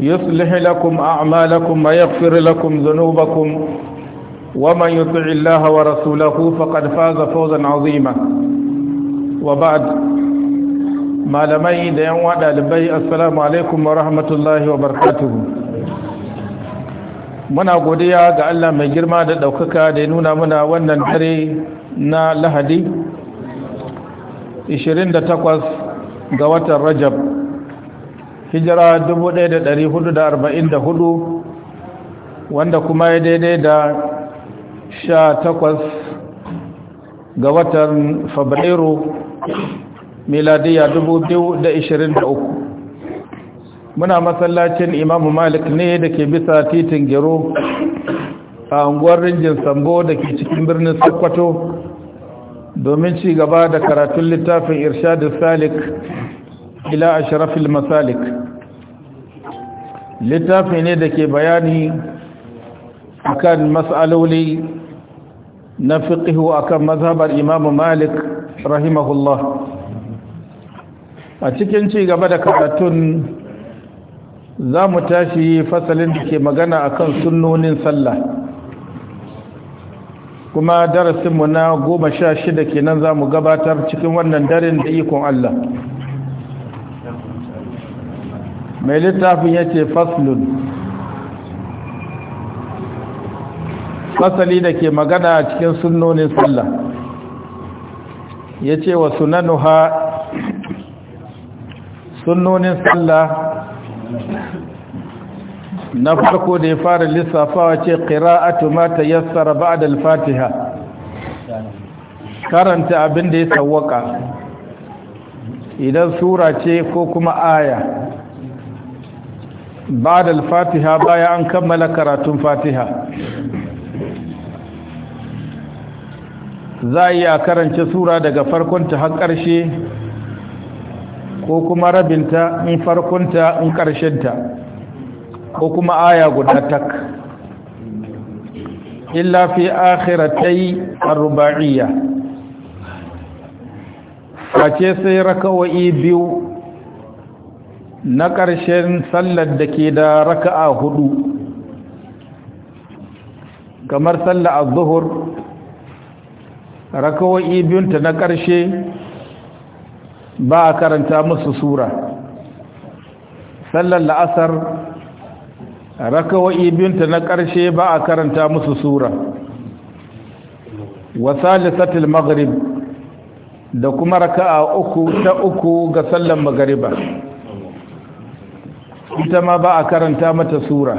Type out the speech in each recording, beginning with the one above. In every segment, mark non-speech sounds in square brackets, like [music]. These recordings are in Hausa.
يصلح لكم أعمالكم ويغفر لكم ذنوبكم ومن يطع الله ورسوله فقد فاز فوزا عظيما وبعد ما لمي ديان وعد لبي السلام عليكم ورحمة الله وبركاته muna godiya ga Allah mai girma da ɗaukaka da ya nuna muna wannan dare na lahadi 28 ga watan rajab hijira 1444 wanda kuma ya daidai da 18 ga watan fabrairu miladiya 2023 muna masallacin imamu malik ne da ke bisa titin gero a unguwar rinjin sambo da ke cikin birnin sokoto domin ci gaba da karatun littafin irshadin salik ila ashrafil masalik littafi ne da ke bayani akan mas'aloli na fiqhu akan mazhabar imam malik rahimahullah a cikin ci gaba da karatun za mu tashi fasalin da ke magana akan sunnonin sallah kuma darasinmu na goma sha shida kenan za mu gabatar cikin wannan daren da ikon Allah mai littafin ya ce faslun fasali da ke magana a cikin sunnonin sallah ya ce wa sunanu ha? sunnonin sallah na farko da ya fara lissafawa ce ƙira'atu mata yassara ba'ad al-fatiha karanta abin da ya tsawaka idan sura ce ko kuma aya بعد Fatiha baya an kammala karatun Fatiha. za a iya karanta sura daga farkonta har ƙarshe ko kuma rabinta in farkonta in ƙarshenta ko kuma aya guda tak illa fi akhiratai arba'iyya face sai raka'o'i biyu na ƙarshen sallar da ke da raka'a hudu kamar sallar azuhur rakawo'i biyunta na ƙarshe ba a karanta musu sura sallar la'asar rakawo'i biyunta na ƙarshe ba a karanta musu sura wasalisatul maghrib da kuma raka'a uku ta uku ga sallar magariba ita ma ba a karanta mata sura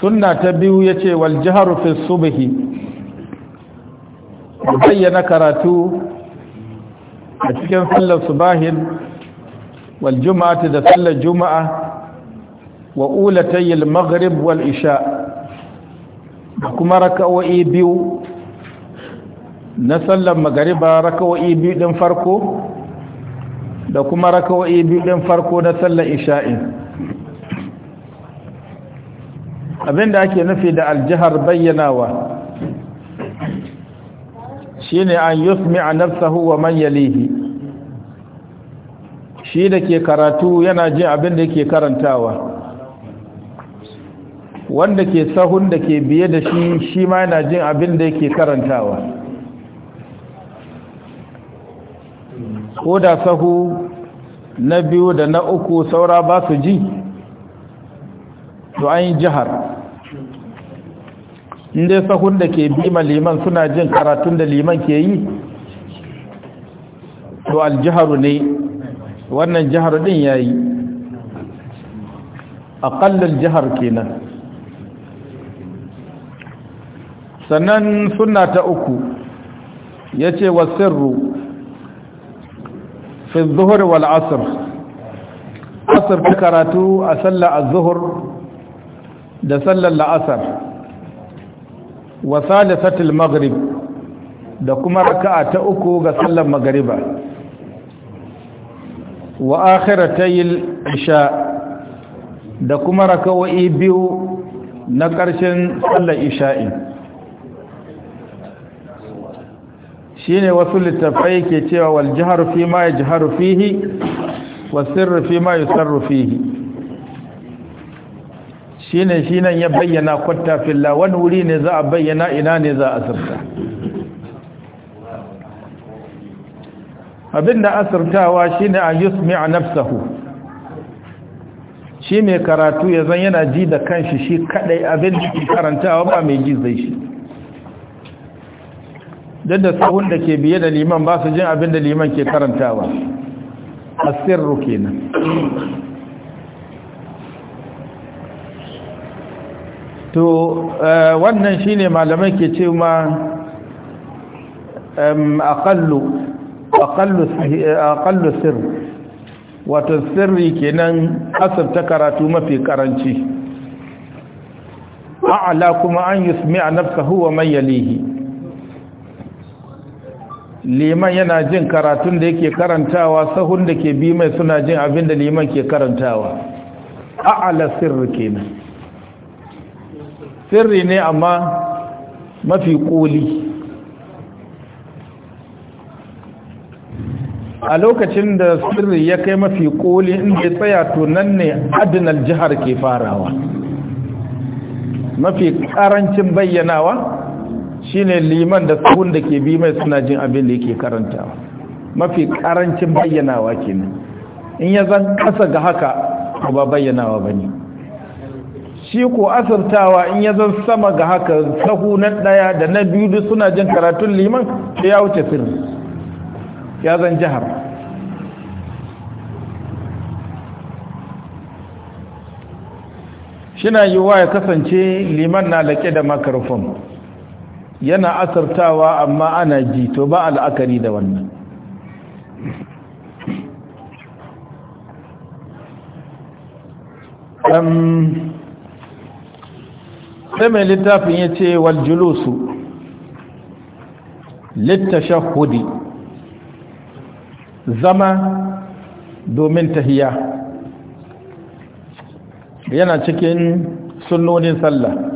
sunna ta biyu ya ce wal jiharu fi bayyana karatu a cikin sallar subahin wal da sallar juma'a wa ulatayil maghrib wal isha da kuma raka'o'i biyu na sallar magariba raka'o'i biyu din farko da kuma rakawa'i biyu farko na sallar isha'i abinda ake nufi da aljihar bayyanawa shine an yusmi a nafsahu wa man yalihi shi da ke karatu yana jin abin da ke karantawa wanda ke sahun da ke biye da shi shi ma yana jin abinda da yake karantawa ko da sahu na biyu da na uku saura ba su ji to an yi jihar inda sahun da ke bima liman suna jin karatun da liman ke yi to aljiharu ne wannan jihar din ya yi aƙallar jihar kenan sannan suna ta uku ya ce wa fi zuhur wal asr asr ta karatu a sallar zuhur da sallar la'asar wa salisatul maghrib da kuma raka'a ta uku ga sallar magriba wa akhiratayil isha da kuma raka'o'i biyu na ƙarshen sallar isha'i shine wasu littafai ke cewa wal jaharu fi ma yajharu fihi wa sirru fi ma yusarru fihi shine shinan ya bayyana kwatta filla wani wuri ne za a bayyana ina ne za a sirta abinda asirtawa shine an yusmi'a nafsahu shi mai karatu ya zan yana ji da kanshi shi kadai abin da karantawa ba mai ji zai shi Danda da sahun da ke biye da liman ba su jin abin da liman ke karantawa asirru kenan to eh, wannan shine malamai ke ce ma aqallu aqallu eh, aqallu wato sirri kenan ta karatu mafi karanci a'la kuma an yusmi'a nafsahu wa man yalihi liman yana jin karatun da yake karantawa sahun da ke bi mai suna jin abin da liman ke karantawa a'ala sirri kenan sirri ne amma mafi koli a lokacin da sirri ya kai mafi koli inda ya tsaya tunan ne adinal jihar ke farawa mafi karancin bayyanawa shine liman da sahun da ke bi mai suna jin abin da yake karanta mafi karancin bayyanawa kenan in ya zan kasa ga haka ba bayyanawa bane shi ko asirtawa in ya zan sama ga haka sahu na daya da na biyu suna jin karatun liman sai ya wuce sirri ya zan jihar shina yiwuwa ya kasance liman na laƙe da makarfon yana asartawa amma ana ji to ba al'akari da wannan sai mai littafin ya ce waljulusu littashahudi zama domin tahiya yana cikin sunnonin sallah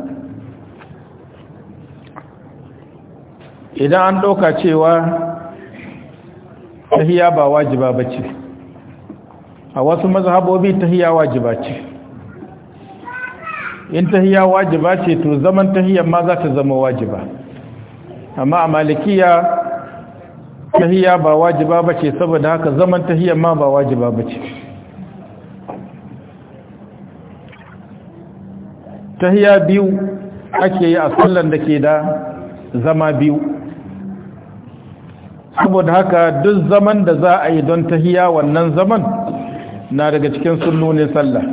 idan an ɗauka cewa tahiya ba wajiba ba ce a wasu mazhabobi tahiya wajiba ce in tahiya wajiba ce to zaman tahiyar ma za ta zama wajiba amma a malikiya tahiya ba wajiba ba ce saboda haka zaman tahiyar ma ba wajiba ba ce tahiya biyu ake yi a sallan da ke da zama biyu saboda haka duk zaman da za a yi don tahiya wannan zaman na daga cikin ne, sallah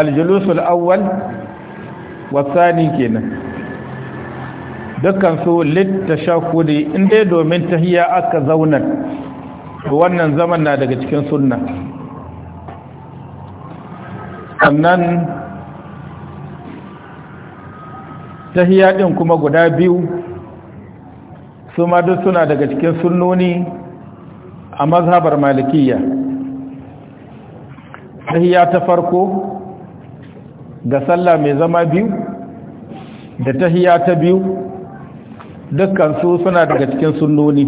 aljulusul awwal wasani kenan dukkan su littashakuri inda domin tahiya aka zauna wannan zaman na daga cikin sunna sannan tahiya din kuma guda biyu su ma duk suna daga cikin sunnoni a mazhabar malikiya ya. ta farko da sallah mai zama biyu da tahiyya ta biyu dukkan suna daga cikin sunnoni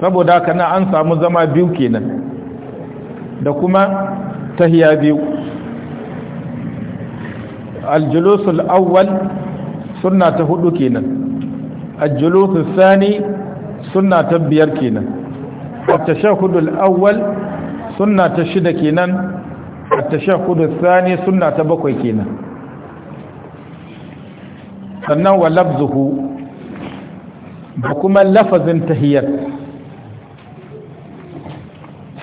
saboda haka na an samu zama biyu kenan da kuma tahiyya biyu aljulusul awwal sunna ta hudu kenan الجلوس الثاني سنة تبير كينا التشهد الأول سنة تشد كينا التشهد الثاني سنة تبقي كينا sannan wa labzuhu da kuma lafazin tahiyar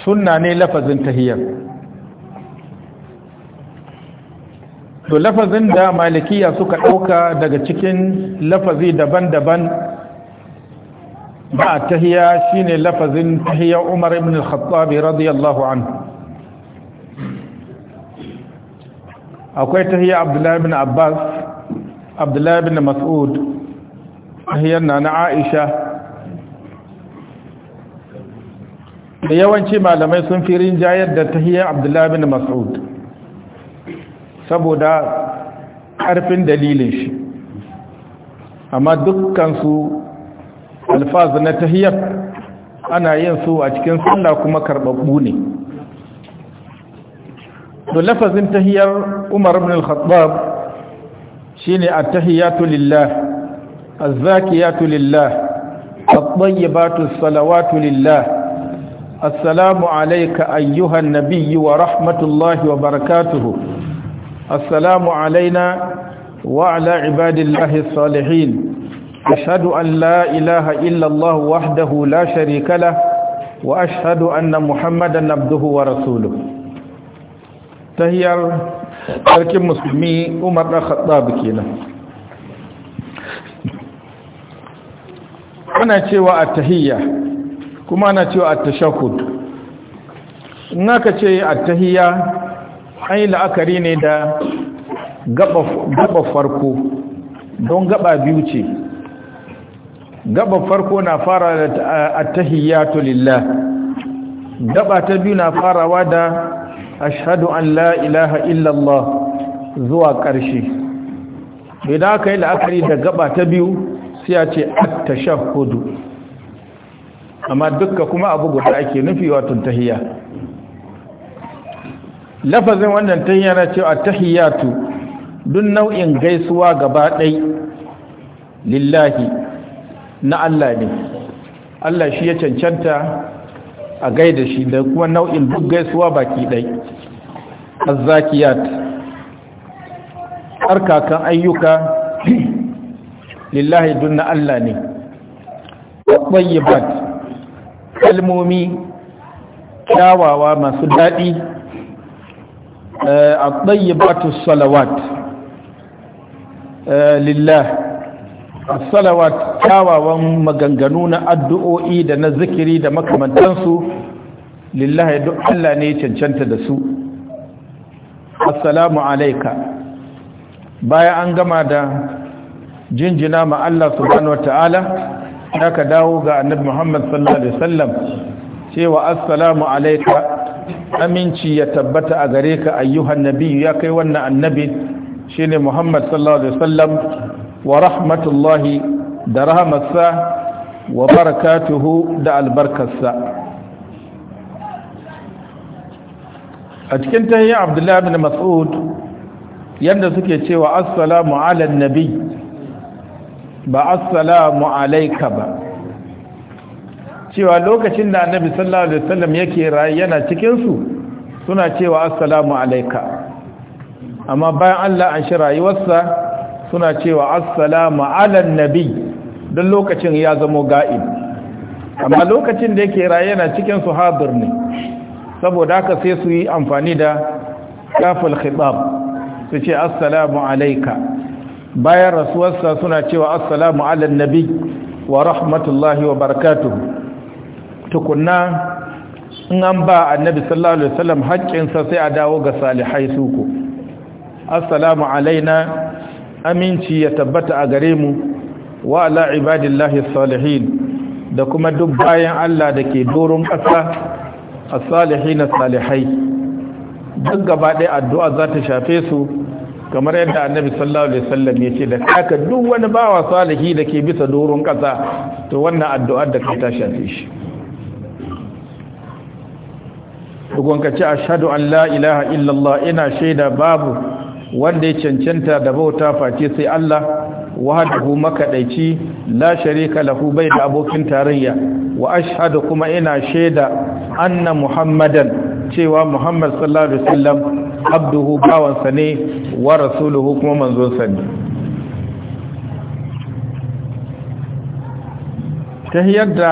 sunna ne lafazin tahiyar to lafazin da malikiya suka ɗauka daga cikin lafazi daban-daban ba tahiya shine lafazin tahiya umar ibn al-khattabi radiyallahu anhu akwai tahiya abdullahi ibn abbas abdullahi ibn mas'ud tahiyar na aisha da yawanci malamai sun fi rinjayar da tahiyar abdullahi Ibn mas'ud saboda ƙarfin dalilin shi amma dukkansu alfazu na tahiyar ana yin su a cikin sallah kuma karɓaɓɓu ne da lafazin tahiyar umar ibn al-khattab shine at-tahiyatu lillah az-zakiyatu lillah الطيبات الصلوات لله السلام عليك أيها النبي ورحمة الله وبركاته السلام علينا وعلى عباد الله الصالحين أشهد أن لا إله إلا الله وحده لا شريك له وأشهد أن محمدا عبده ورسوله تهيار ترك مسلمي عمر الخطاب كينا ana cewa attahiyya kuma ana cewa attashahhud in aka ce attahiyya an yi la'akari ne da gaba farko don gaba biyu ce gaba farko na fara da attahiyyatu lillah gaba ta biyu na farawa da ashhadu an la ilaha illallah zuwa ƙarshe idan aka yi la'akari da gaba ta biyu sai ya ce at hudu, amma dukka kuma abu guda ake nufi wato tahiyya lafazin wannan tun yana cewa tahiyatu don nau'in gaisuwa gaba ɗai lillahi na Allah ne Allah shi ya cancanta a gaida shi da kuma nau'in duk gaisuwa baki ɗai azzakiyat harkakan ayyuka [clears throat] lillahi du na Allah ne ƙwayyabat kalmomi kyawawa masu daɗi الطيبات الصلوات لله الصلوات kyawawan maganganu na addu'o'i da na zikiri da makamantansu lillahi duk Allah ne cancanta da su assalamu alaika bayan an gama da jinjina ma Allah subhanahu wata'ala aka dawo ga annabi Muhammad sallallahu alaihi cewa assalamu alaika aminci ya tabbata a gare ka ayyuhan nabiyu ya kai wannan annabi shine Muhammad sallallahu alaihi wasallam wa rahmatullahi da rahmatsa wa barakatuhu da albarkarsa a cikin tahiyya Abdullahi bin Mas'ud yanda suke cewa assalamu ala nabi ba assalamu alayka ba cewa lokacin da annabi sallallahu alaihi wasallam yake rayu yana cikin su suna cewa assalamu alayka amma bayan Allah an shi rayuwarsa suna cewa assalamu ala nabi don lokacin ya zama ga'ib amma lokacin da yake rayu yana cikin su hadir ne saboda haka sai su yi amfani da kafal khitab su ce assalamu alayka bayan rasuwarsa suna cewa assalamu ala nabi wa rahmatullahi wa barakatuhu tukunna in an ba annabi sallallahu alaihi wasallam haƙƙinsa sai a dawo ga salihai suku assalamu alaina aminci ya tabbata a gare mu wa ala ibadillahi salihin da kuma duk bayan Allah da ke doron ƙasa a salihina salihai duk gaba ɗaya addu'a za ta shafe su kamar yadda annabi sallallahu alaihi wasallam ya ce da haka duk wani bawa salihi da ke bisa doron ƙasa to wannan addu'ar da ka ta shafe shi dogon ka ce ashhadu an la ilaha illallah ina shaida babu wanda ya cancanta da bauta face sai Allah wahdahu makaɗaici la sharika lahu bai da abokin tarayya wa ashhadu kuma ina shaida anna muhammadan cewa muhammad sallallahu alaihi wasallam abduhu bawansa ne wa rasuluhu kuma manzonsa ne ta yadda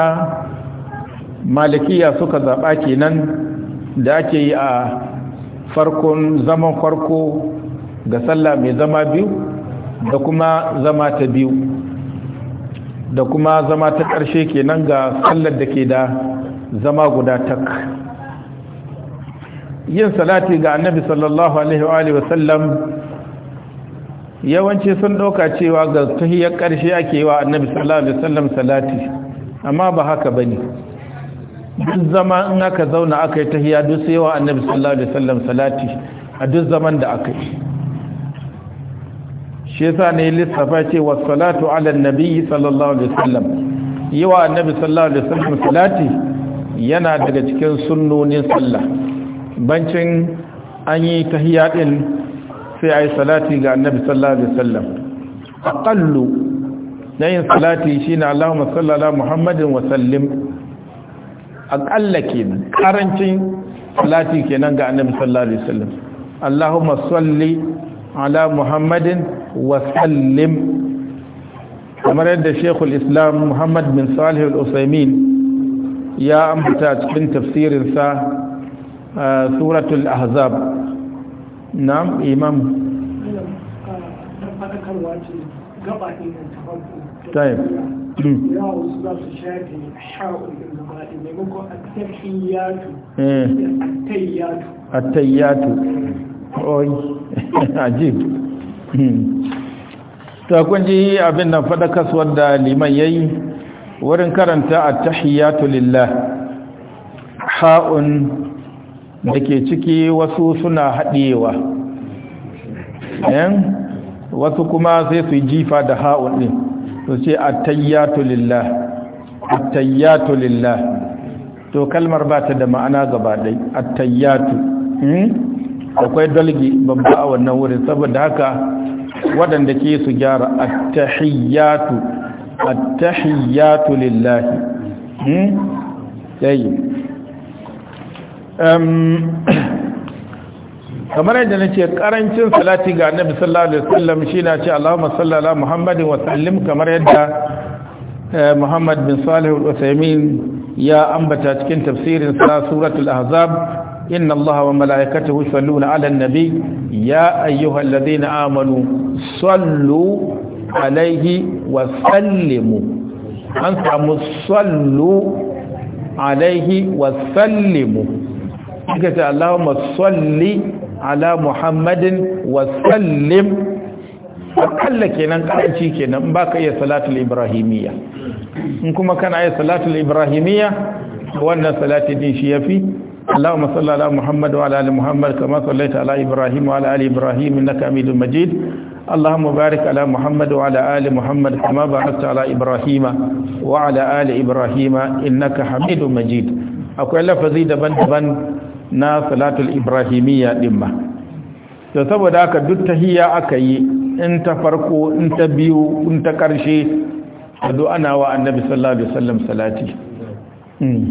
malikiya suka zaɓa kenan da ake yi a farkon zaman farko ga sallah mai zama biyu da kuma zama ta biyu da kuma zama ta ƙarshe kenan ga sallar da ke da zama guda tak yin salati ga annabi sallallahu alaihi wa sallam yawanci sun ɗauka cewa ga tahiyyar ƙarshe ake yi wa annabi sallallahu alaihi wa sallam salati amma ba haka bane duk zama in aka zauna aka yi tahiya duk sai yawa annabi sallallahu alaihi wasallam salati a duk zaman da aka yi shi yasa ne lissafa ce wa salatu ala nabi sallallahu alaihi wasallam yawa annabi sallallahu alaihi wasallam salati yana daga cikin sunnonin sallah bancin an yi tahiya din sai ayi salati ga annabi sallallahu alaihi wasallam aqallu nayin salati shine allahumma salli ala muhammadin wa sallim akalla kenan karancin salati kenan ga annabi sallallahu alaihi wasallam Allahumma salli ala Muhammadin wa sallim kamar yadda Sheikhul Islam Muhammad bin Salih Al-Utsaimin ya ambata cikin tafsirin sa uh, suratul Ahzab nam imam uh, gaba ta ya wasu za su shafi sha'ul ilmadi maimakon attahiyatu attahiyatu attahiyatu oi [laughs] ajib [laughs] ta kunji abin nan fadakas wanda liman yi wurin karanta a attahiyatu lillah ha'un da ke ciki wasu suna haɗewa wasu kuma sai su jifa da ha'un din to ce attayyatu lillah lillah to kalmar ba ta da ma'ana gaba dai attayyatu hmm? akwai dalgi babba a wannan wurin saboda haka waɗanda ke su gyara attahiyyatu attahiyyatu lillah hmm? yayi kamar yadda na ce karancin salati ga annabi sallallahu alaihi wasallam shi na ce Allahumma salli ala Muhammadin wa sallim kamar yadda eh, Muhammad bin Salih al-Utsaimin ya ambata cikin tafsirin sa suratul ahzab inna Allaha wa malaikatahu yusalluna ala an-nabi ya ayyuhalladhina amanu sallu alaihi wa sallimu an samu sallu alaihi wa sallimu kika ce Allahumma salli ala muhammadin wasallim akalla kenan karanci kenan ba ka iya salatul ibrahimiyya in kuma kana iya salatul ibrahimiyya wannan salati din shi yafi اللهم صل على محمد وعلى ال محمد كما صليت على ابراهيم وعلى ال ابراهيم انك حميد مجيد اللهم بارك على محمد وعلى ال محمد كما باركت على ابراهيم وعلى ال ابراهيم انك حميد مجيد akwai lafazi daban-daban na salatul ibrahimiyya din ba to saboda haka duk tahiyya aka yi in ta farko in ta biyu in ta karshe an ana wa annabi sallallahu alaihi wasallam salati hmm.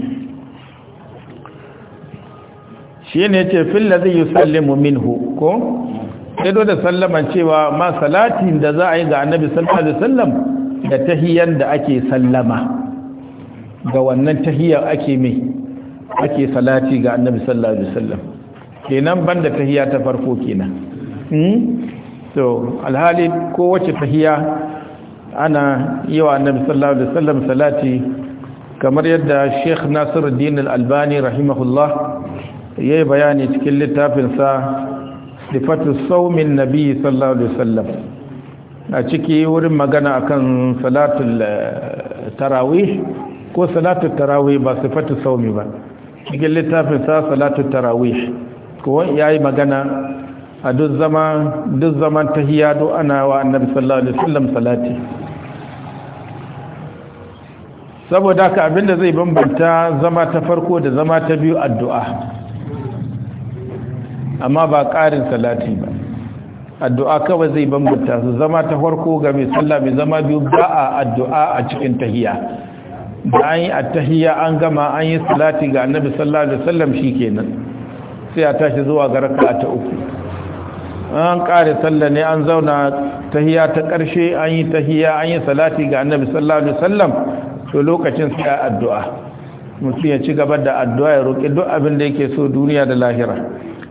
shi ne fil ladhi yusallimu minhu ko sai da sallama cewa ma salatin da za a yi ga annabi sallallahu alaihi wasallam da tahiyyan da ake sallama ga wannan tahiyar ake mai ake salati ga annabi sallallahu alaihi wasallam kenan banda tahiya ta farko kenan hmm? so alhali ko wace tahiya ana yi wa annabi sallallahu alaihi wasallam salati kamar yadda sheikh nasiruddin al-albani rahimahullah ya yi bayani cikin littafinsa sifatu saumin nabi sallallahu alaihi wasallam a ciki wurin magana akan salatul eh, tarawih ko salatul tarawih ba sifatu saumi ba cikin littafin sa salatu tarawih ko yayi magana a duk zaman duk zaman tahiyya do ana wa annabi sallallahu alaihi wasallam salati saboda ka abinda zai bambanta zama ta farko da zama ta biyu addu'a amma ba ƙarin salati ba addu'a kawai zai bambanta su zama ta farko ga mai sallah mai zama biyu ba a addu'a a cikin tahiyya bayan attahiyya an gama an yi salati ga annabi sallallahu alaihi wasallam shikenan sai a tashi zuwa ga raka'a ta uku an kare sallah ne an zauna tahiyya ta karshe an yi tahiyya an yi salati ga annabi sallallahu alaihi wasallam to lokacin sai addu'a mutum ya ci gaba da addu'a ya roki duk abin da yake so duniya da lahira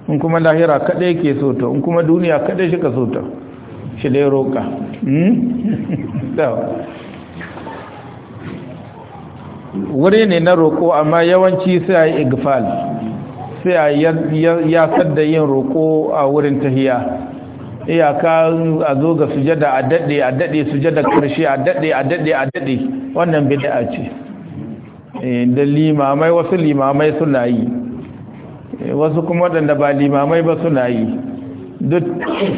in kuma lahira kadai yake so to in kuma duniya kadai shi ka so to shi dai roka hmm? [laughs] wuri ne na roƙo amma yawanci sai a yi igfal sai a ya sadda yin roƙo a wurin tahiya iyaka a zo ga sujada a daɗe a daɗe sujada ƙarshe a daɗe a daɗe a daɗe wannan bid'a ce eh, da limamai wasu limamai suna yi eh, wasu kuma waɗanda ba limamai ba suna yi duk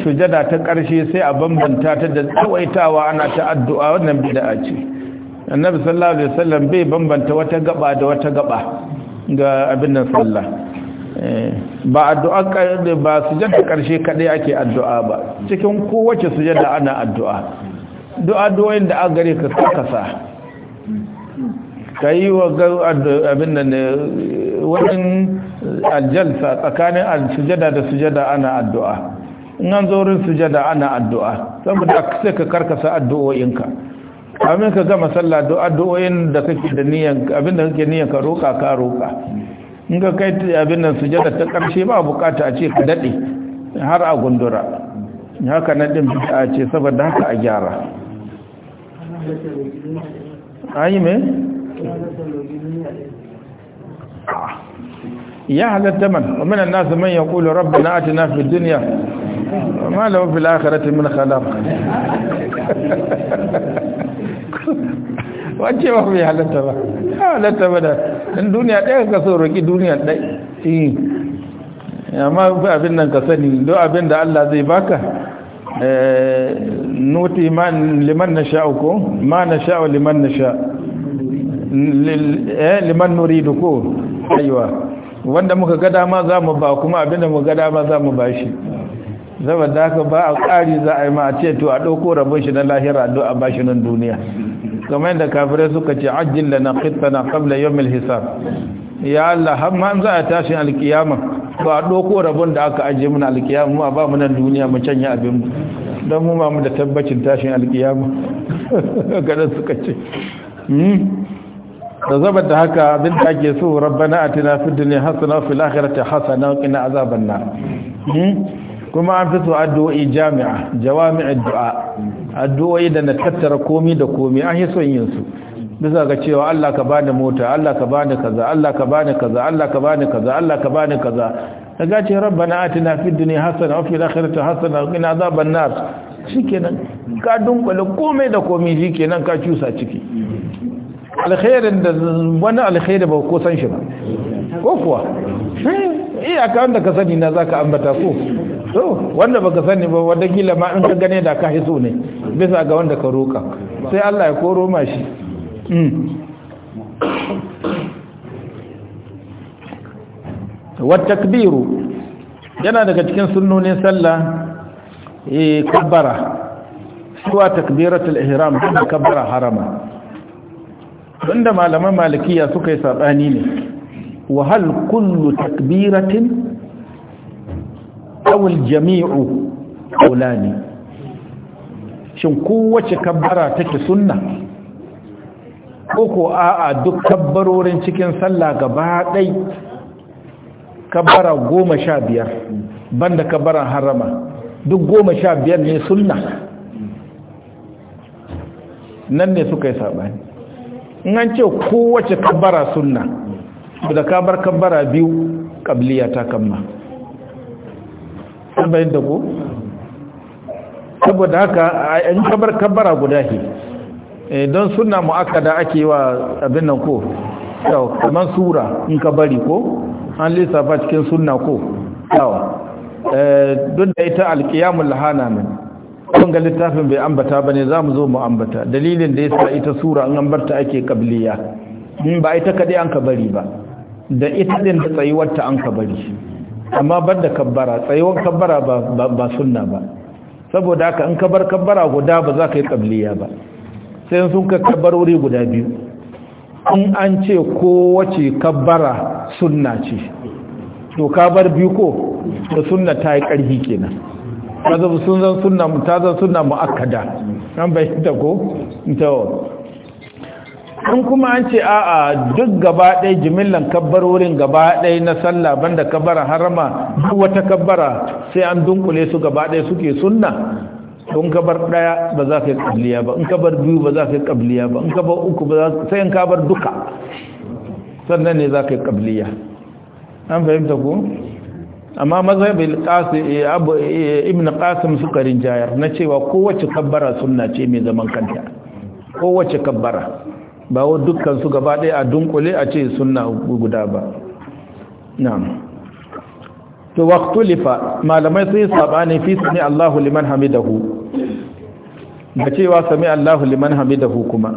sujada ta ƙarshe sai a bambanta ta da tsawaitawa ana ta addu'a wannan bid'a ce annabi sallallahu alaihi wasallam bai bambanta wata gaba da wata gaba ga abin nan sallah eh, ba addu'a ba sujada karshe kadai ake addu'a ba cikin kowace sujada ana addu'a du'a doyin da aka gare ka kasa kai wa abin nan eh, wannan aljalsa tsakanin sujada da sujada ana addu'a in an zo wurin sujada ana addu'a saboda sai ka karkasa addu'o'inka kamin ka gama sallah do addu'o'in da kake da niyan abin da kake niyan ka roka ka roka in ka kai abin nan sujada ta karshe ba bukata a ce ka dade har a gundura haka nan din a ce saboda haka a gyara ayi me ya halatta man min an-nas man yaqulu rabbana atina fid dunya ma lahu fil akhirati min khalaq wace ba bai halatta ba ya halatta ba da dan duniya ɗaya ka so roƙi duniya ɗaya eh. amma abin nan ka sani do abin da Allah zai baka eh, nuti liman liman nasha'u ko ma nasha'u liman eh liman da ko aiwa wanda muka gada ma za mu ba kuma abinda muka gada ma za mu ba shi saboda haka ba a ƙari za a yi ma a ce to a ɗauko rabon shi na lahira do a bashi nan duniya kuma yadda kafirai suka ce ajin da na na kabla yau mil hisar ya Allah har ma za a tashi alkiyama ba a ɗauko rabon da aka ajiye mana alkiyama mu a ba mu nan duniya mu canya abin mu don mu ma mu da tabbacin tashin alkiyama gadan [laughs] suka ce da zaba da haka abin da ake so rabbana atina fid dunya hasana wa fil akhirati hasana wa qina azaban nar hmm? kuma an fito addu'o'i jami'a jawami'a du'a addu'o'i da na tattara komi da komi an yi son yin su bisa ga cewa Allah ka bani mota Allah ka bani kaza Allah ka bani kaza Allah ka bani kaza Allah ka bani kaza kaga ce rabbana atina fid dunya hasana wa fil akhirati hasana wa qina adhaban nar shikenan ka dunkule komai da komai shikenan ka cusa ciki alkhairin da wani alkhairi ba ko san shi ba ko kuwa eh. Eh, ka wanda ka sani na za ka ambata ko to wanda baka sani ba wanda gila ma in ka gane da ka hiso ne bisa ga wanda ka roka sai Allah ya koro ma shi mm. takbiru yana daga cikin sunnonin sallah e kabbara suwa takbiratul ihram da kabbara harama tunda malaman malikiya suka yi sabani ne وهل كل kullu takbiratin الجميع أولاني شن قوة shin kowace kabbara take sunna ko ko a'a duk kabbarorin cikin sallah gaba dai kabbara goma sha biyar banda kabbaran harama duk nan ne suka yi saɓani in an ce kowace kabbara sunna da ka bar kabbara biyu kabliya ta kamma bayan da ku saboda haka an kabar kabbara guda he eh, don suna mu'akada ake wa abin nan ko yau kamar sura in ka bari ko an lissafa cikin sunna ko yau eh, don da ita alkiyamun lahana min kun ga littafin bai ambata ba ne za mu zo mu ambata dalilin da ya sa ita sura an ambata ake kabliya ba ita kaɗai an ka bari ba da ita din da ta an ka bari amma ban da kabbara tsayuwar kabbara ba sunna ba saboda haka in kabar kabbara guda ba za ka yi kabliya ba sai sun ka wuri guda biyu in an ce ko kowace kabbara sunna ce to ka bar biyu ko da sunna ta yi karfi kenan ta zan sunna ta zan sunna mu'akkada an bai ta ko ta in kuma an ce a'a duk gaba ɗaya jimillan wurin gaba ɗaya na sallah banda kabbara harama duk wata kabbara sai an dunkule su gaba ɗaya suke sunna in kabar ɗaya ba za ka yi ƙabliya ba in kabar biyu ba za ka yi ƙabliya ba in kabar uku ba za sai in kabar duka sannan ne za ka yi ƙabliya an fahimta ku amma eh, abu eh, ibn qasim sukarin jayar na cewa kowace kabbara sunna ce mai zaman kanta kowace kabbara ba wa dukkan su gaba ɗaya a dunkule a ce suna guda ba na'am to waqtulifa malamai sai sabani fi sami Allahu liman hamidahu da cewa sami Allahu liman hamidahu kuma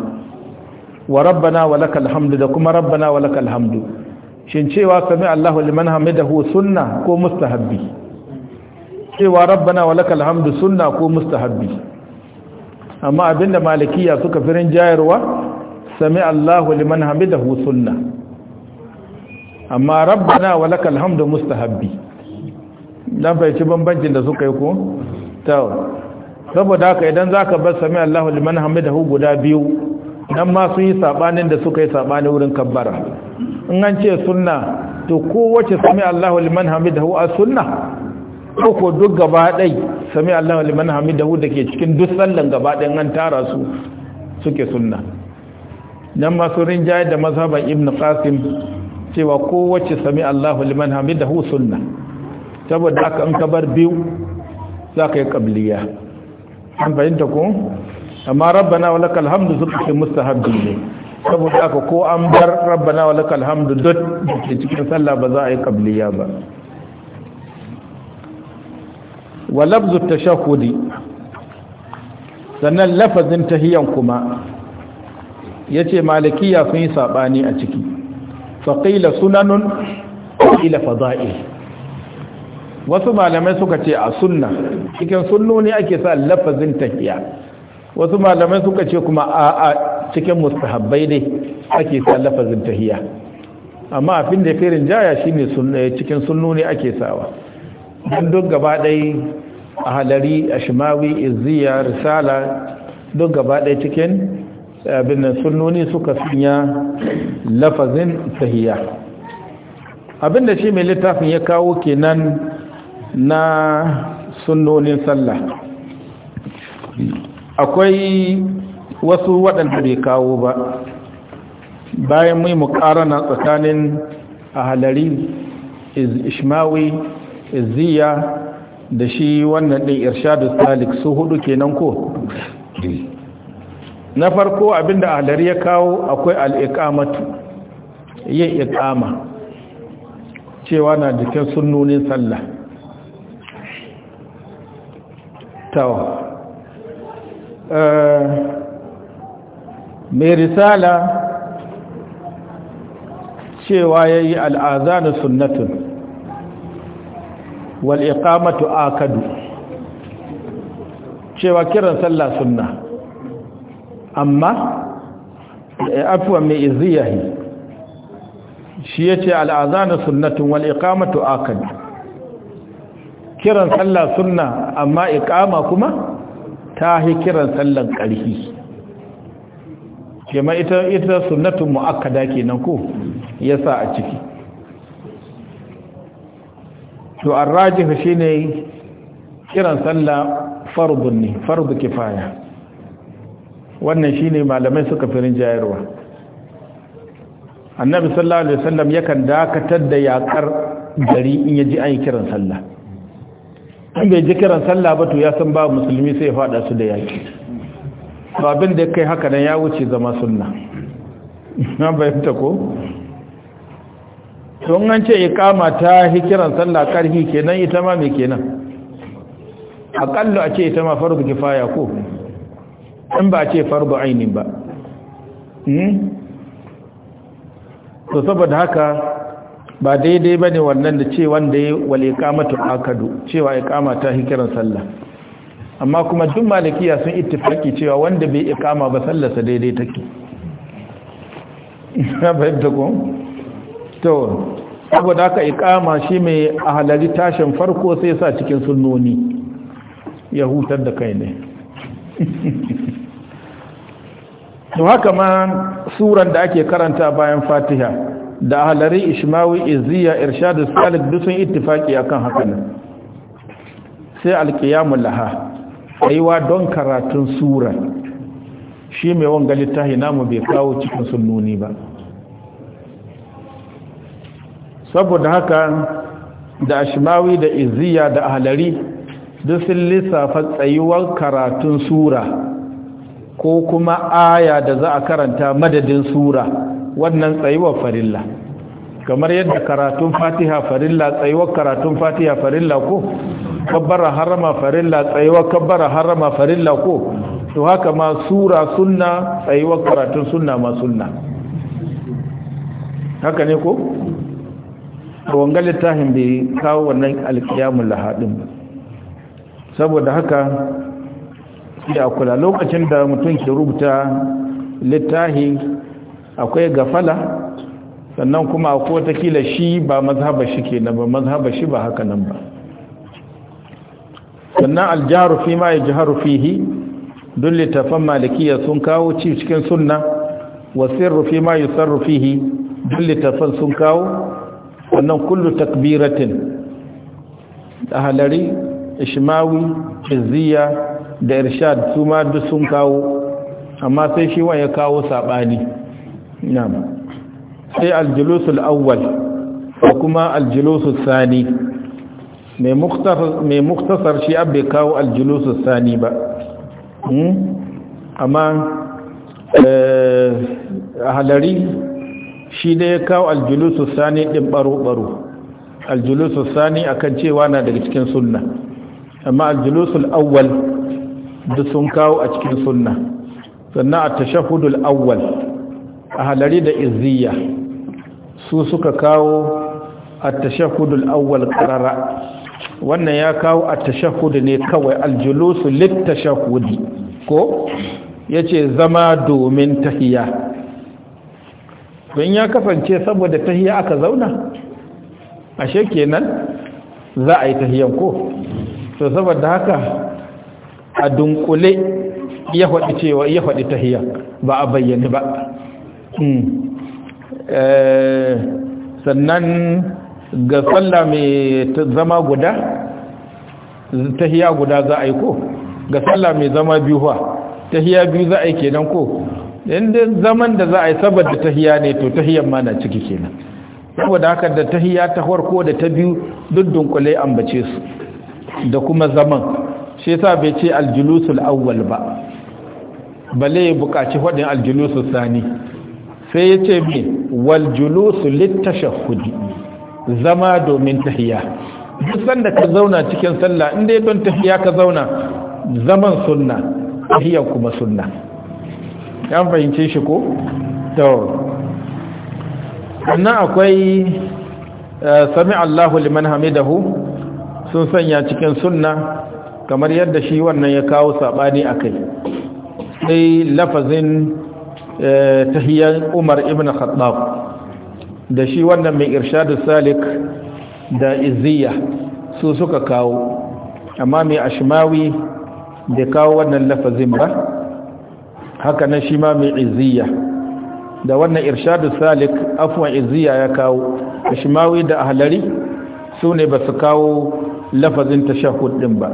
wa rabbana wa lakal hamdu da kuma rabbana wa lakal hamdu shin cewa sami Allahu liman hamidahu sunna ko mustahabbi cewa rabbana wa lakal hamdu sunna ko mustahabbi amma abinda malikiya suka firin jayarwa سمع Allahu liman hamidahu سنة amma ربنا ولك الحمد مستحب mustahabbi dan fahimci bambancin da suka yi ko saboda haka idan zaka bar sami Allahu liman hamidahu guda biyu nan ma sun yi sabanin da suka yi sabani wurin kabbara in an ce sunna to ko wace sami Allahu liman hamidahu a sunna ko ko duk gaba dai sami Allahu liman hamidahu dake cikin duk sallan gaba dai an tara su suke sunna nan masu rinjaye da mazhaban ibn qasim cewa kowace sami allahu liman hu sunna saboda aka an kabar biyu za ka yi ƙabliya an fahimta ko amma rabbana wa lakal hamdu suka ce mustahabbi ne saboda aka ko an bar rabbana wa lakal hamdu dot da cikin sallah ba za a yi ƙabliya ba wa labzu tashahudi sannan lafazin tahiyan kuma ya ce malikiya sun yi saɓani a ciki faƙila sunanun ƙila faza'i wasu malamai suka ce a sunna cikin sunnoni ake sa lafazin tafiya. wasu malamai suka ce kuma a cikin mustahabbai ne ake sa lafazin tahiya amma abin da firin jaya shine cikin sunnoni ake sawa don duk gaba ɗai a halari a shimawi izziya risala duk gaba ɗai cikin abin nan sunnoni suka sunya lafazin sahiya. abin da shi mai littafin ya kawo kenan na sunnonin sallah akwai wasu waɗanda bai kawo ba bayan mai na tsakanin halari ishmawi izziya da shi wannan ɗin irshadu salik su hudu kenan ko na farko abinda ahlar ya kawo akwai al'iƙamatu yin iƙama cewa na jikin sunnonin sallah tawa eh, mai risala cewa ya yi al'azanu sunnatun wal'iƙamatu akadu cewa kiran sallah sunna amma eh, afuwan mai iziyahi shi ya ce al'azana sunnatun wal iqamatu akan kiran sallah sunna amma iqama kuma ta yi kiran sallan ƙarfi ma ita ita sunnatun mu'akkada kenan ko yasa a ciki to shi shine kiran sallah fardun ne fardu kifaya wannan shine malamai suka firin jayarwa annabi sallallahu alaihi wasallam yakan dakatar da yakar gari in yaji an yi kiran sallah in bai ji kiran sallah ba to ya san ba musulmi sai ya fada su da yaki babin da kai haka nan ya wuce zama sunna na bayyanta ko don an ce ikama ta kiran sallah karhi kenan ita ma me kenan aƙalla a ce ita ma farko kifaya ko in ba ce fardu ainihin ba hmm? to saboda haka ba daidai ba ne wannan da ce wanda ya wale iqamatu akadu cewa iqama ta hikiran sallah amma kuma duk malakiya sun ittifaki cewa wanda bai kama ba sallarsa daidai take fahimta to saboda haka iqama shi mai halari tashin farko sai sa cikin sunnoni ya hutar da kai ne [laughs] to haka ma suran da ake karanta bayan fatiha da ahalari ishmawi izziya irshadu salik duk sun ittifaki akan haka sai alqiyamul laha aiwa don karatun sura shi mai wanga littafi namu bai kawo cikin sunnoni ba saboda haka da ashmawi da izziya da ahalari duk sun lissafa tsayuwar karatun sura ko kuma aya da za a karanta madadin sura wannan tsayuwar farilla kamar yadda karatun fatiha farilla tsayuwar karatun fatiha farilla ko kabbara harama farilla tsayuwar kabbara harama farilla ko to haka ma sura sunna tsayuwar karatun sunna ma sunna haka ne ko ruwan littafin bai kawo wannan alkiyamun lahadin saboda haka da kula lokacin da mutum ke rubuta littahi akwai gafala sannan kuma akwai watakila shi ba mazhaba shi ke ba mazhaba shi ba haka nan ba sannan aljaru fi ma yajharu fihi duk littafan malikiya sun kawo ci cikin sunna wasirru fi ma yusarru fihi duk littafan sun kawo sannan kullu takbiratin halari ishmawi izziya da irshad su ma duk sun kawo amma sai shi wa ya kawo saɓani sai aljulusul awwal ko kuma aljulusul sani mai muktasar shi abu kawo aljulusul sani ba hmm? amma eh, a halari shi da ya kawo aljulusul sani ɗin ɓaro-ɓaro aljulusul sani akan cewa na daga cikin sunna amma aljulusul awwal duk sun kawo a cikin sunna sannan a tashahudul awwal a halari da izziya su suka kawo a tashahudul awwal karara wannan ya kawo a tashahud ne kawai aljulusu lit tashahudi ko yace zama domin tahiya don ya kasance saboda tahiya aka zauna ashe kenan za a yi tahiyan ko to saboda haka a dunkule ya faɗi cewa ya faɗi tahiyya ba a bayyane ba hmm. eh, sannan ga tsalla mai zama guda tahiya guda za a yi ko ga tsalla mai zama biyu wa tahiya biyu za a yi kenan ko inda zaman da za a yi saboda tahiya ne to tahiyan ma na ciki kenan saboda haka da tahiya ta farko da ta biyu duk dunkule ambace su da kuma zaman shi yasa bai ce aljulusul awwal ba bale ya buƙaci hudin aljulusul sani sai ya ce mai waljulusu hudu. zama domin tahiya duk sanda ka zauna cikin sallah inda don tahiya ka zauna zaman sunna tahiya kuma sunna yan fahimci shi ko? to akwai eh, sami allahu liman hamidahu sun sanya cikin sunna kamar yadda shi wannan ya kawo saɓani a kai sai lafazin eh, tahiyar umar ibn khattab da shi wannan mai irshadu salik da izziya su suka kawo amma mai ashimawi da kawo wannan lafazin ba haka na shi ma mai izziya da wannan irshadu salik afuwan iziya ya kawo ashimawi da ahalari su ne ba su kawo lafazin tashahud ɗin ba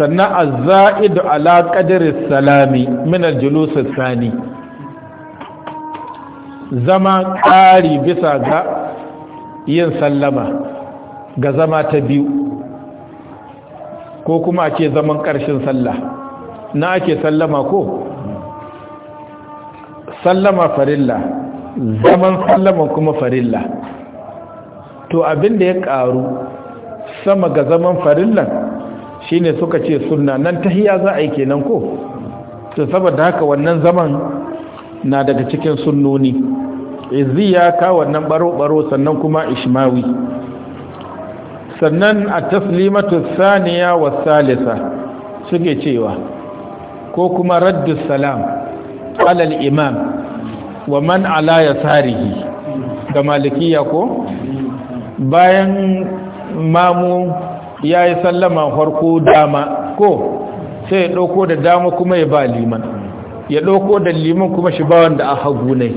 sannan azza'idu ala qadri salami min al-julus sani zama ƙari bisa ga yin sallama ga zama ta biyu ko kuma ake zaman ƙarshen sallah na ake sallama ko sallama farilla zaman sallama kuma farilla to abin da ya ƙaru sama ga zaman farillan shine suka ce sunna nan tahiya za a yi kenan ko to saboda haka wannan zaman na daga cikin sunnoni izzi ya ka wannan baro-baro sannan kuma ishmawi sannan a taslimatu saniya wa salisa suke cewa ko kuma raddu salam alal imam wa man ala ya sarihi ga malikiya ko bayan mamu ya yi sallama farko dama ko sai ya ɗauko da dama kuma ya ba liman ya ɗauko da liman kuma shi ba wanda a hagu ne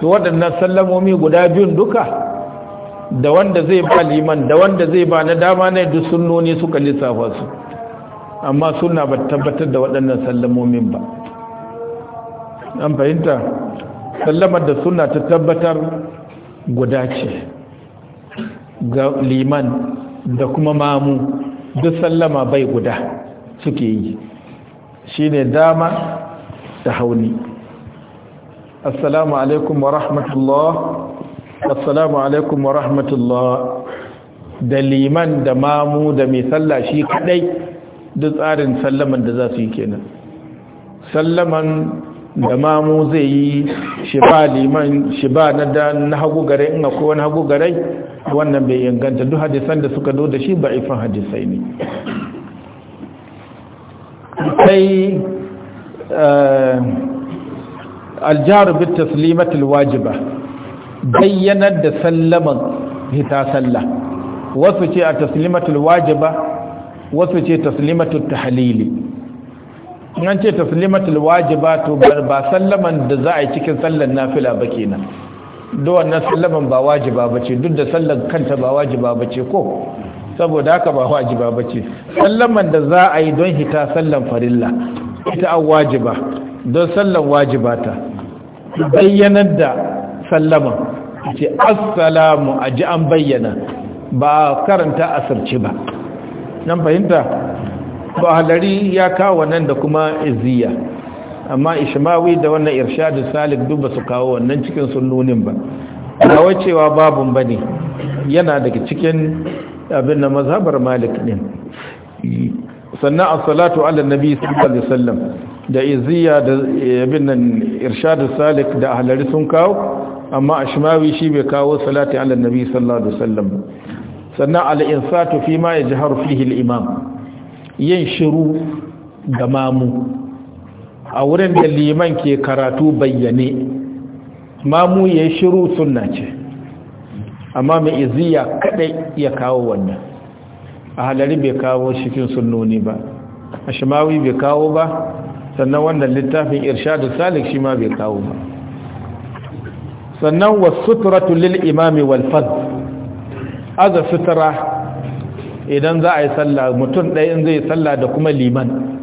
to waɗannan sallamomi guda biyun duka da wanda zai ba liman da wanda zai ba na dama ne duk sunnoni suka lissafa su amma suna ba tabbatar da waɗannan sallamomin ba an fahimta sallamar da suna ta tabbatar guda ce ga liman da kuma mamu duk sallama bai guda suke yi Shi ne dama da hauni assalamu alaikum wa rahmatullah assalamu alaikum wa rahmatullah da liman da mamu da mai sallah shi kadai duk tsarin sallaman da za su yi kenan sallaman da mamu zai yi shi ba liman shi ba na hagu gare in akwai wani hagu garai wannan bai inganta duk hadisan da suka zo da shi ba ifan hadisai ne sai eh, aljaru bit taslimat alwajiba bayyanar da sallaman hita sallah wasu ce a taslimatul wajiba wasu ce taslimatul tahlili in an ce taslimatul wajiba to ba sallaman da za a yi cikin sallan nafila ba kenan duk wannan sallaman ba wajiba bace duk da sallan kanta ba wajiba bace ko saboda haka ba wajiba bace sallaman da za a yi don hita sallan farilla ita an wajiba don sallan wajiba ta bayyanar da sallaman ce assalamu a ji an bayyana ba karanta asirci ba nan fahimta ba halari ya kawo nan da kuma iziya amma ishmawi da wannan irshadu salik duk ba su kawo wannan cikin sunnunin ba kawai cewa babun ba ne yana daga cikin abin na mazhabar malik ne sannan a salatu ala nabi sallallahu alaihi wasallam da iziya da eh, abin nan irshadu salik da ahlari sun kawo amma ishmawi shi bai kawo salati ala nabi sallallahu alaihi wasallam sannan al-insatu fi ma yajharu fihi al-imam yin shiru ga mamu a wurin da liman ke karatu bayyane mamu ya shiru sunna ce amma mai iziya kadai ya kawo wannan a halari bai kawo cikin sunnoni ba a shimawi bai kawo ba sannan wannan littafin irshadu salik shi ma bai kawo ba sannan wasu sutura lil imami walfad aza sutura idan za a yi sallah mutum ɗaya in zai sallah da kuma liman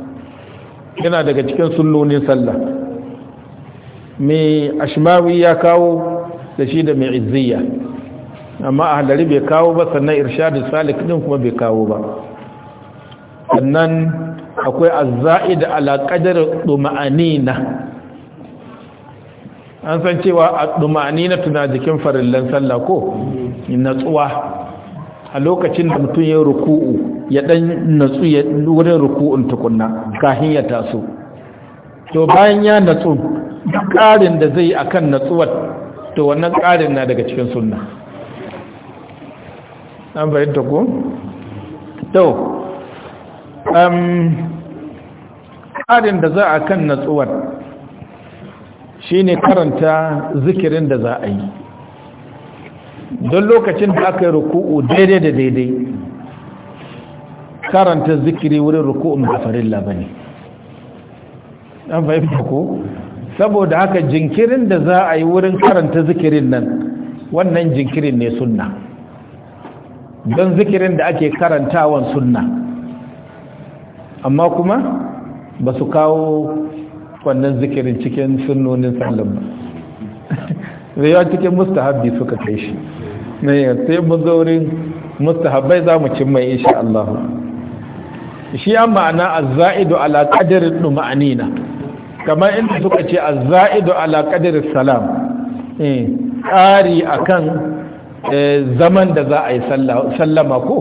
yana daga cikin sunnonin sallah mai ashmawi ya kawo da shi da mai izziya amma a halari bai kawo ba sannan irshadu salik din kuma bai kawo ba sannan akwai azza'id da alaƙadar ɗuma'anina an san cewa a ɗuma'anina tuna jikin farillan sallah ko natsuwa a lokacin da mutum ya ruku'u ya dan natsu ya wurin ruku'un tukunna kafin ya taso to bayan ya natsu ƙarin da zai akan natsuwar to wannan ƙarin na daga cikin sunna an bayan ta ko? to um, ƙarin da za a kan natsuwar shine karanta zikirin da za a yi don lokacin da aka yi ruku'u daidai da daidai karanta zikiri wurin ruku'un ba ne an fahimta ko saboda haka jinkirin da za a yi wurin karanta zikirin nan wannan jinkirin ne sunna don zikirin da ake karantawan sunna amma kuma ba su kawo wannan zikirin cikin sunnonin sallan ba [laughs] zai yawa cikin mustahabbi suka kai shi ne sai mazaurin zaurin mustahabbai za mu cimma insha Allah shi ya ma'ana azza'idu ala qadarin duma'anina kamar inda suka ce azza'idu ala qadarin salam eh ƙari akan eh, zaman da za a yi sallama ko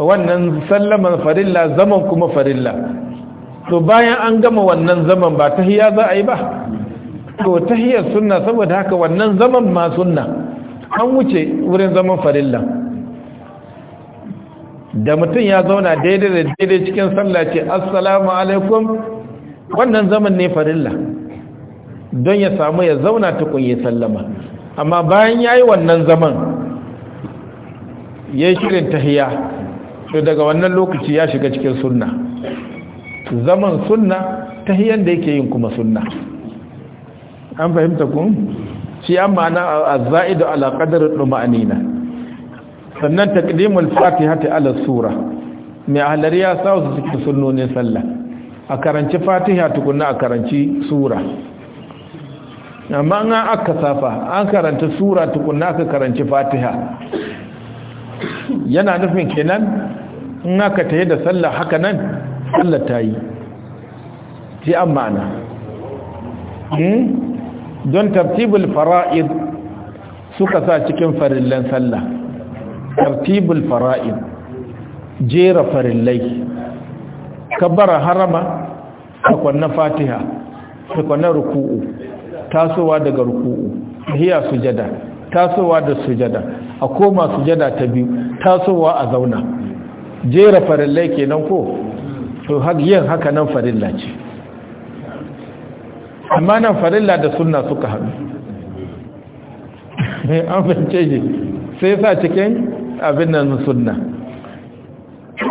wannan sallaman farilla zaman kuma farilla to bayan an gama wannan zaman ba ta hiya za a yi ba to tahiyyar sunna saboda haka wannan zaman ma sunna an wuce wurin zaman farilla da mutum ya zauna daidai da daidai cikin sallah ce assalamu alaikum wannan zaman ne farilla don ya samu ya zauna ta kunye sallama amma bayan ya yi wannan zaman ya yi shirin tahiya to daga wannan lokaci ya shiga cikin sunna zaman sunna tahiyan da yake yin kuma sunna an fahimta kun shi an ma'ana a za'idu ala qadar duma'anina sannan taqdimul fatihati ala sura mai ahlari ya sa su cikin sunnonin sallah a karanci fatiha tukunna a karanci sura amma an aka safa an karanta sura tukunna aka karanci fatiha yana nufin kenan in aka tayi da sallah haka nan sallah ta yi ji an ma'ana hmm? don tartibul fara'id suka sa cikin farillan sallah tartibul fara'id jera farillai kabbara harama takwanna fatiha takwanna ruku'u tasowa daga ruku'u hiya sujada tasowa da sujada a koma sujada ta biyu tasowa a zauna jera farillai kenan ko to yin haka nan farilla ce amma nan farilla da sunna suka haɗu [laughs] an fahimce shi sai sa cikin abin nan sunna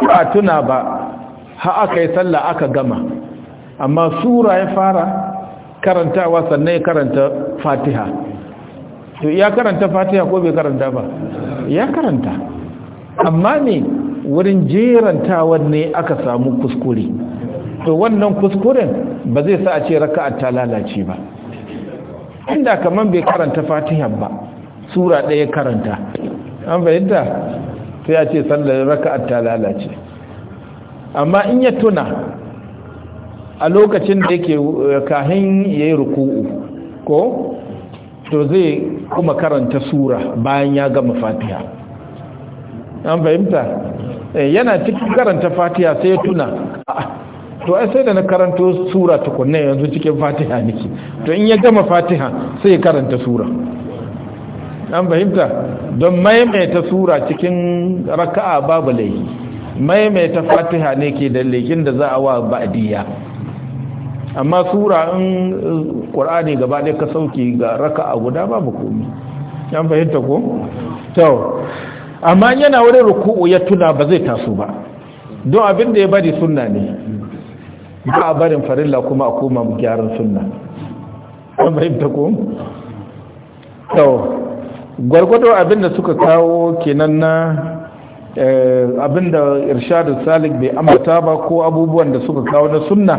ba tuna ba ha aka yi sallah aka gama amma sura ya fara karantawa sannan ya karanta fatiha to ya karanta fatiha ko bai karanta ba ya karanta amma ne wurin jerantawan ne aka samu kuskure to wannan kuskuren ba zai sa a ce raka'ar ta lalace ba inda kaman bai karanta fatiha ba sura ɗaya karanta an fahimta sai ya ce sallar raka'at ta lalace amma in ya tuna a lokacin da yake eh, kahin yayi ruku'u ko to zai kuma karanta sura bayan ya gama fatiha an fahimta eh, yana cikin karanta fatiha sai ya tuna to ai sai da na karanto sura tukunne yanzu cikin fatiha nake to in ya gama fatiha sai ya karanta sura an fahimta don maimaita sura cikin raka'a babu laifi maimaita fatiha ne ke da laifin da za a wa ba'diya amma sura in ƙur'ani eh, gaba ɗaya ka sauke ga raka'a guda babu komi an fahimta ko to amma yana wurin ruku'u ya tuna ba zai taso ba don abin da ya bari sunna ne ba a barin farilla kuma a koma gyaran sunna an fahimta ko to gwargwado abin da suka kawo kenan na eh, abin da irshadu salik bai ambata ba ko abubuwan da suka kawo na sunna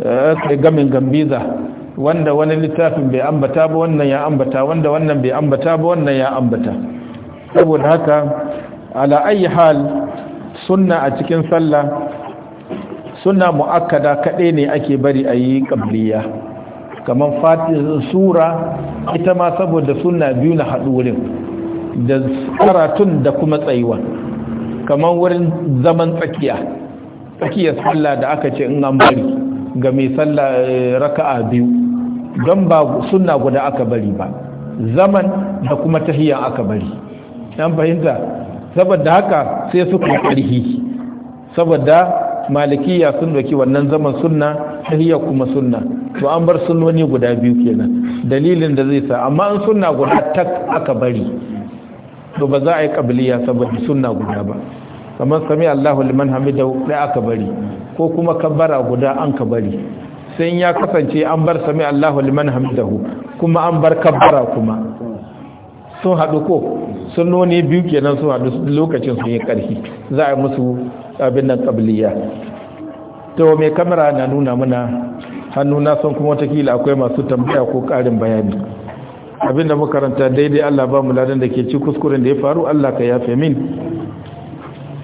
eh, kai gamin gambiza wanda wani littafin bai ambata ba wannan ya ambata wanda wannan bai ambata ba wannan ya ambata saboda haka ala ayi hal sunna a cikin sallah sunna mu'akkada kaɗai ne ake bari a yi ƙabliya kamar fatin sura ita ma saboda suna biyu na haɗu wurin da karatun da kuma tsayuwa kamar wurin zaman tsakiya tsakiya sallah da aka ce in an bari ga mai sallah eh, raka'a biyu don ba suna guda aka bari ba zaman da kuma tahiyya aka bari yan fahimta saboda haka sai suka ƙarhi saboda malikiya sun doki wannan zaman sunna tahiyya kuma sunna to an bar sunnoni guda biyu kenan dalilin da zai sa amma an sunna guda tak aka bari to ba za a yi kabiliya saboda sunna guda ba kamar sami Allahu liman hamidau da aka bari ko kuma kabbara guda an ka bari sai ya kasance an bar sami Allahu liman hamidahu kuma an bar kabbara kuma sun haɗu ko sunnoni biyu kenan sun haɗu lokacin sun yi ƙarfi za a yi musu abin nan kabiliya to mai kamera na nuna muna hannu na san kuma watakila akwai masu tambaya ko karin bayani abinda makaranta daidai Allah ba mu ladan da ke ci kuskuren da ya faru Allah ka yafe min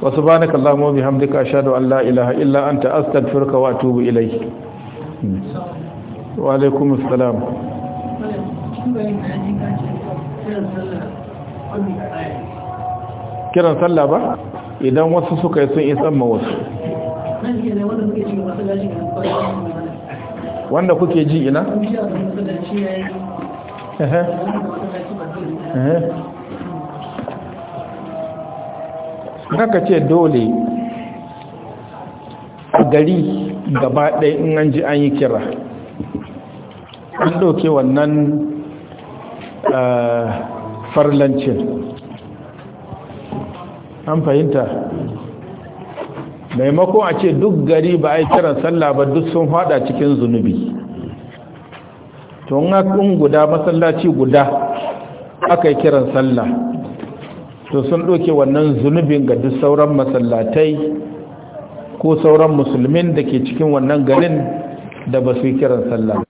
wa subhanaka allahumma wa bihamdika ashhadu an la ilaha illa anta astaghfiruka wa atubu ilayk wa alaikum assalam kiran sallah ba idan wasu suka yi sun yi tsamma wasu wanda kuke ji ina? kaka ce dole gari gaba ɗaya in an ji an yi kira an ɗauke wannan eh, farlancin an fahimta maimakon a ce duk gari ba a yi kiran sallah ba duk sun fada cikin zunubi tun haƙin guda masallaci guda aka yi kiran sallah to sun ɗauke wannan zunubin ga duk sauran masallatai ko sauran musulmin da ke cikin wannan garin da ba su yi kiran sallah